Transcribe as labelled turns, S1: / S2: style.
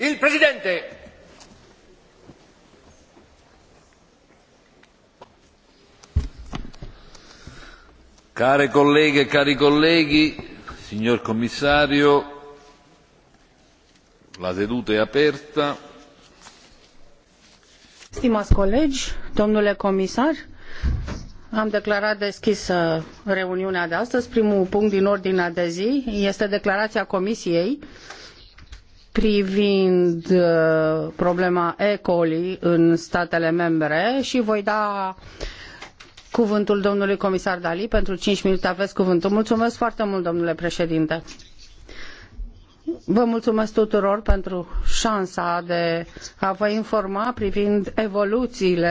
S1: Il Presidente.
S2: Care colleghe e cari colleghi, signor Commissario, la seduta è aperta.
S3: Stimați colegi, domnule comisar, am declarat deschisă reuniunea de astăzi. Primul punct din ordinea de zi este declarația Comisiei privind uh, problema E. coli în statele membre și voi da cuvântul domnului comisar Dali pentru 5 minute aveți cuvântul. Mulțumesc foarte mult, domnule președinte. Vă mulțumesc tuturor pentru șansa de a vă informa
S4: privind evoluțiile